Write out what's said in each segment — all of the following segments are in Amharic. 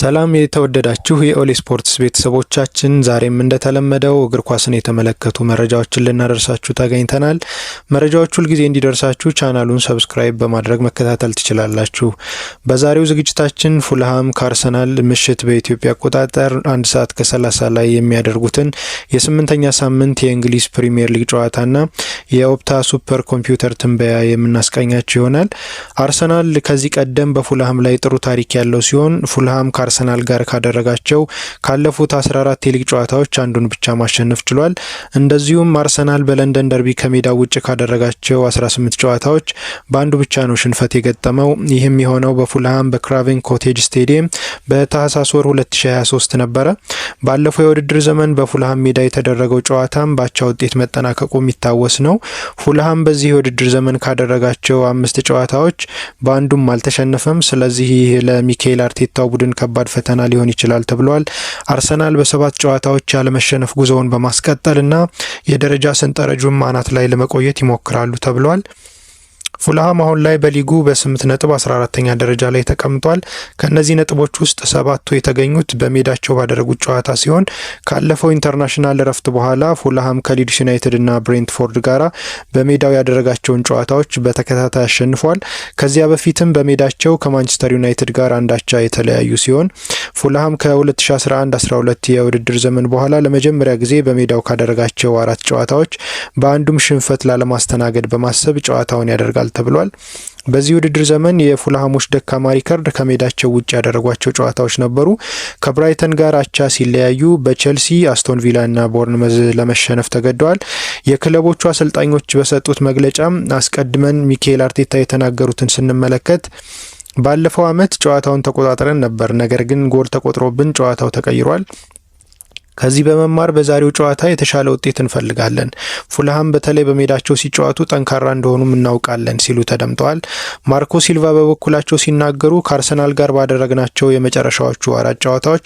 ሰላም የተወደዳችሁ የኦሊ ስፖርትስ ቤተሰቦቻችን፣ ዛሬም እንደተለመደው እግር ኳስን የተመለከቱ መረጃዎችን ልናደርሳችሁ ተገኝተናል። መረጃዎቹ ሁልጊዜ እንዲደርሳችሁ ቻናሉን ሰብስክራይብ በማድረግ መከታተል ትችላላችሁ። በዛሬው ዝግጅታችን ፉልሃም ከአርሰናል ምሽት በኢትዮጵያ አቆጣጠር አንድ ሰዓት ከሰላሳ ላይ የሚያደርጉትን የስምንተኛ ሳምንት የእንግሊዝ ፕሪምየር ሊግ ጨዋታና የኦፕታ ሱፐር ኮምፒውተር ትንበያ የምናስቃኛችሁ ይሆናል። አርሰናል ከዚህ ቀደም በፉልሃም ላይ ጥሩ ታሪክ ያለው ሲሆን ፉልሃም ከአርሰናል ጋር ካደረጋቸው ካለፉት 14 የሊግ ጨዋታዎች አንዱን ብቻ ማሸነፍ ችሏል። እንደዚሁም አርሰናል በለንደን ደርቢ ከሜዳው ውጭ ካደረጋቸው 18 ጨዋታዎች በአንዱ ብቻ ነው ሽንፈት የገጠመው። ይህም የሆነው በፉልሃም በክራቬን ኮቴጅ ስቴዲየም በታህሳስ ወር 2023 ነበረ። ባለፈው የውድድር ዘመን በፉልሃም ሜዳ የተደረገው ጨዋታም ባቻ ውጤት መጠናቀቁ የሚታወስ ነው። ፉልሃም በዚህ የውድድር ዘመን ካደረጋቸው አምስት ጨዋታዎች በአንዱም አልተሸነፈም። ስለዚህ ለሚካኤል አርቴታው ቡድን ከባድ ከባድ ፈተና ሊሆን ይችላል ተብሏል። አርሰናል በሰባት ጨዋታዎች ያለመሸነፍ ጉዞውን በማስቀጠልና የደረጃ ሰንጠረዡም አናት ላይ ለመቆየት ይሞክራሉ ተብሏል። ፉልሃም አሁን ላይ በሊጉ በስምንት ነጥብ 14ተኛ ደረጃ ላይ ተቀምጧል። ከእነዚህ ነጥቦች ውስጥ ሰባቱ የተገኙት በሜዳቸው ባደረጉት ጨዋታ ሲሆን ካለፈው ኢንተርናሽናል እረፍት በኋላ ፉልሃም ከሊድስ ዩናይትድ እና ብሬንትፎርድ ጋራ በሜዳው ያደረጋቸውን ጨዋታዎች በተከታታይ አሸንፏል። ከዚያ በፊትም በሜዳቸው ከማንቸስተር ዩናይትድ ጋር አንዳቻ የተለያዩ ሲሆን ፉልሃም ከ2011/12 የውድድር ዘመን በኋላ ለመጀመሪያ ጊዜ በሜዳው ካደረጋቸው አራት ጨዋታዎች በአንዱም ሽንፈት ላለማስተናገድ በማሰብ ጨዋታውን ያደርጋል ይጠበቃል ተብሏል። በዚህ ውድድር ዘመን የፉልሃሞች ደካማ ሪከርድ ከሜዳቸው ውጭ ያደረጓቸው ጨዋታዎች ነበሩ። ከብራይተን ጋር አቻ ሲለያዩ፣ በቼልሲ አስቶን ና ቦርንመዝ ለመሸነፍ ተገደዋል። የክለቦቹ አሰልጣኞች በሰጡት መግለጫም አስቀድመን ሚካኤል አርቴታ የተናገሩትን ስንመለከት ባለፈው ዓመት ጨዋታውን ተቆጣጥረን ነበር፣ ነገር ግን ጎል ተቆጥሮብን ጨዋታው ተቀይሯል። ከዚህ በመማር በዛሬው ጨዋታ የተሻለ ውጤት እንፈልጋለን። ፉልሃም በተለይ በሜዳቸው ሲጫወቱ ጠንካራ እንደሆኑም እናውቃለን ሲሉ ተደምጠዋል። ማርኮ ሲልቫ በበኩላቸው ሲናገሩ ከአርሰናል ጋር ባደረግናቸው የመጨረሻዎቹ አራት ጨዋታዎች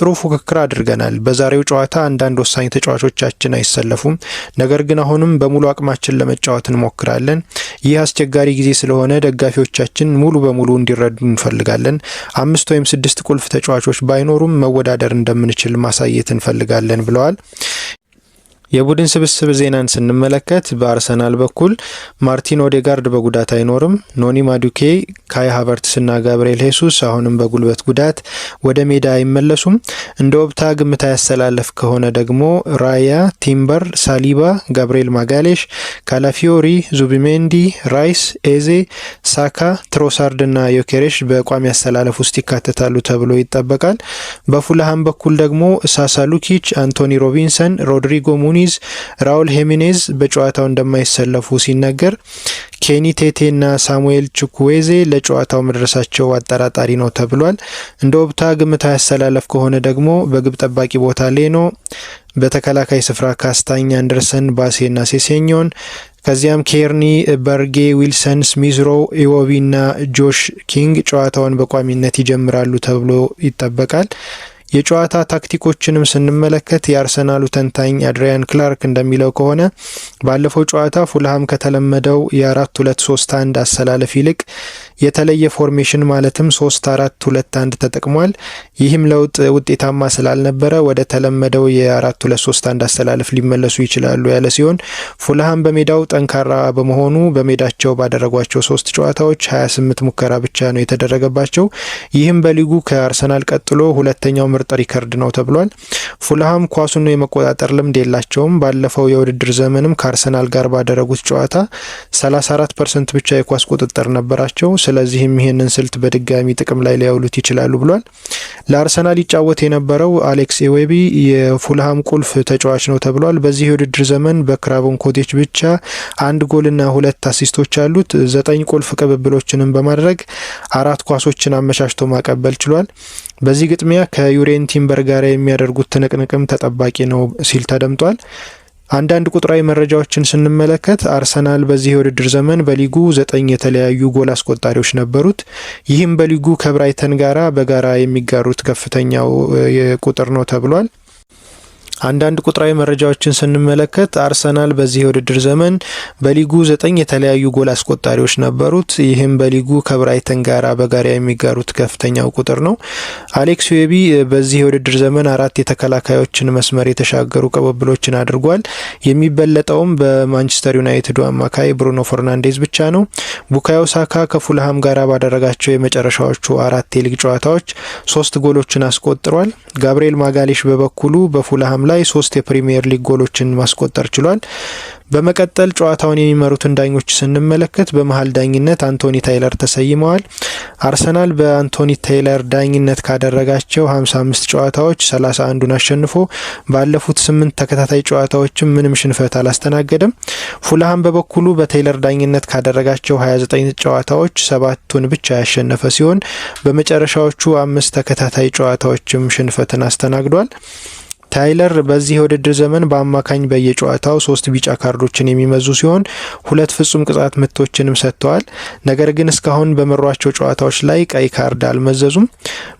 ጥሩ ፉክክር አድርገናል። በዛሬው ጨዋታ አንዳንድ ወሳኝ ተጫዋቾቻችን አይሰለፉም፣ ነገር ግን አሁንም በሙሉ አቅማችን ለመጫወት እንሞክራለን። ይህ አስቸጋሪ ጊዜ ስለሆነ ደጋፊዎቻችን ሙሉ በሙሉ እንዲረዱ እንፈልጋለን። አምስት ወይም ስድስት ቁልፍ ተጫዋቾች ባይኖሩም መወዳደር እንደምንችል ማሳየት እንፈልጋለን እንፈልጋለን ብለዋል። የቡድን ስብስብ ዜናን ስንመለከት በአርሰናል በኩል ማርቲን ኦዴጋርድ በጉዳት አይኖርም። ኖኒ ማዱኬ፣ ካይ ና ጋብርኤል ሄሱስ አሁንም በጉልበት ጉዳት ወደ ሜዳ አይመለሱም። እንደ ኦፕታ ግምት ያሰላለፍ ከሆነ ደግሞ ራያ፣ ቲምበር፣ ሳሊባ፣ ጋብርኤል ማጋሌሽ፣ ካላፊዮሪ፣ ዙቢሜንዲ፣ ራይስ፣ ኤዜ፣ ሳካ፣ ና ዮኬሬሽ በቋሚ አስተላለፍ ውስጥ ይካተታሉ ተብሎ ይጠበቃል። በፉልሃም በኩል ደግሞ ሉኪች አንቶኒ ሮቢንሰን፣ ሮድሪጎ ሙኒ ኑኒዝ፣ ራውል ሄሚኔዝ በጨዋታው እንደማይሰለፉ ሲነገር፣ ኬኒ ና ሳሙኤል ቹኩዌዜ ለጨዋታው መድረሳቸው አጠራጣሪ ነው ተብሏል። እንደ ወብታ ግምታ ያሰላለፍ ከሆነ ደግሞ በግብ ጠባቂ ቦታ ሌኖ፣ በተከላካይ ስፍራ ካስታኝ፣ አንደርሰን፣ ና ሴሴኞን ከዚያም ኬርኒ፣ በርጌ፣ ዊልሰን፣ ስሚዝሮ፣ ኢዎቢ ና ጆሽ ኪንግ ጨዋታውን በቋሚነት ይጀምራሉ ተብሎ ይጠበቃል። የጨዋታ ታክቲኮችንም ስንመለከት የአርሰናሉ ተንታኝ አድሪያን ክላርክ እንደሚለው ከሆነ ባለፈው ጨዋታ ፉልሃም ከተለመደው የአራት ሁለት ሶስት አንድ አሰላለፍ ይልቅ የተለየ ፎርሜሽን ማለትም ሶስት አራት ሁለት አንድ ተጠቅሟል። ይህም ለውጥ ውጤታማ ስላልነበረ ወደ ተለመደው የአራት ሁለት ሶስት አንድ አስተላለፍ ሊመለሱ ይችላሉ ያለ ሲሆን ፉልሃም በሜዳው ጠንካራ በመሆኑ በሜዳቸው ባደረጓቸው ሶስት ጨዋታዎች 28 ሙከራ ብቻ ነው የተደረገባቸው። ይህም በሊጉ ከአርሰናል ቀጥሎ ሁለተኛው ምርጥ ሪከርድ ነው ተብሏል። ፉልሃም ኳሱን የመቆጣጠር ልምድ የላቸውም። ባለፈው የውድድር ዘመንም ከአርሰናል ጋር ባደረጉት ጨዋታ 34 ፐርሰንት ብቻ የኳስ ቁጥጥር ነበራቸው። ስለዚህም ይህንን ስልት በድጋሚ ጥቅም ላይ ሊያውሉት ይችላሉ ብሏል። ለአርሰናል ይጫወት የነበረው አሌክስ ኤዌቢ የፉልሃም ቁልፍ ተጫዋች ነው ተብሏል። በዚህ የውድድር ዘመን በክራቮን ኮቴች ብቻ አንድ ጎልና ሁለት አሲስቶች አሉት። ዘጠኝ ቁልፍ ቅብብሎችንም በማድረግ አራት ኳሶችን አመቻችቶ ማቀበል ችሏል። በዚህ ግጥሚያ ከዩሬን ቲምበር ጋር የሚያደርጉት ትንቅንቅም ተጠባቂ ነው ሲል ተደምጧል። አንዳንድ ቁጥራዊ መረጃዎችን ስንመለከት አርሰናል በዚህ የውድድር ዘመን በሊጉ ዘጠኝ የተለያዩ ጎል አስቆጣሪዎች ነበሩት። ይህም በሊጉ ከብራይተን ጋራ በጋራ የሚጋሩት ከፍተኛው ቁጥር ነው ተብሏል። አንዳንድ ቁጥራዊ መረጃዎችን ስንመለከት አርሰናል በዚህ የውድድር ዘመን በሊጉ ዘጠኝ የተለያዩ ጎል አስቆጣሪዎች ነበሩት። ይህም በሊጉ ከብራይተን ጋር በጋራ የሚጋሩት ከፍተኛው ቁጥር ነው። አሌክስ ዌቢ በዚህ የውድድር ዘመን አራት የተከላካዮችን መስመር የተሻገሩ ቅብብሎችን አድርጓል። የሚበለጠውም በማንቸስተር ዩናይትዱ አማካይ ብሩኖ ፈርናንዴዝ ብቻ ነው። ቡካዮ ሳካ ከፉልሃም ጋር ባደረጋቸው የመጨረሻዎቹ አራት የሊግ ጨዋታዎች ሶስት ጎሎችን አስቆጥሯል። ጋብርኤል ማጋሌሽ በበኩሉ በፉልሃም ላይ ሶስት የፕሪሚየር ሊግ ጎሎችን ማስቆጠር ችሏል። በመቀጠል ጨዋታውን የሚመሩትን ዳኞች ስንመለከት በመሀል ዳኝነት አንቶኒ ታይለር ተሰይመዋል። አርሰናል በአንቶኒ ታይለር ዳኝነት ካደረጋቸው 55 ጨዋታዎች 31ዱን አሸንፎ ባለፉት ስምንት ተከታታይ ጨዋታዎችም ምንም ሽንፈት አላስተናገደም። ፉልሃም በበኩሉ በታይለር ዳኝነት ካደረጋቸው 29 ጨዋታዎች ሰባቱን ብቻ ያሸነፈ ሲሆን በመጨረሻዎቹ አምስት ተከታታይ ጨዋታዎችም ሽንፈትን አስተናግዷል። ታይለር በዚህ የውድድር ዘመን በአማካኝ በየጨዋታው ሶስት ቢጫ ካርዶችን የሚመዙ ሲሆን ሁለት ፍጹም ቅጣት ምቶችንም ሰጥተዋል። ነገር ግን እስካሁን በመሯቸው ጨዋታዎች ላይ ቀይ ካርድ አልመዘዙም።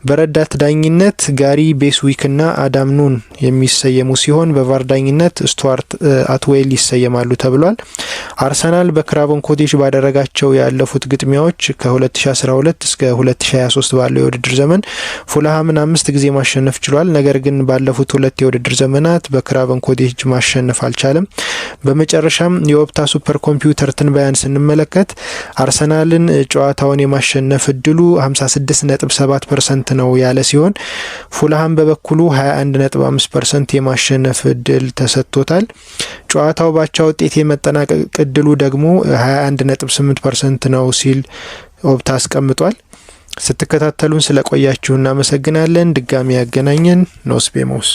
በረዳት ዳኝነት ጋሪ ቤስዊክና አዳም ኑን የሚሰየሙ ሲሆን በቫር ዳኝነት ስቱዋርት አትዌል ይሰየማሉ ተብሏል። አርሰናል በክራቨን ኮቴጅ ባደረጋቸው ያለፉት ግጥሚያዎች ከ2012 እስከ 2023 ባለው የውድድር ዘመን ፉልሃምን አምስት ጊዜ ማሸነፍ ችሏል። ነገር ግን ባለፉት ሁለት የውድድር ዘመናት በክራቨን ኮቴጅ ማሸነፍ አልቻለም። በመጨረሻም የኦፕታ ሱፐር ኮምፒውተር ትንበያን ስንመለከት አርሰናልን ጨዋታውን የማሸነፍ እድሉ 56.7 ፐርሰንት ነው ያለ ሲሆን ፉልሃም በበኩሉ 21.5 ፐርሰንት የማሸነፍ እድል ተሰጥቶታል። ጨዋታው ባቻ ውጤት የመጠናቀቅ እድሉ ደግሞ 21.8 ፐርሰንት ነው ሲል ኦፕታ አስቀምጧል። ስትከታተሉን ስለቆያችሁ እናመሰግናለን። ድጋሚ ያገናኘን ኖስቤሞስ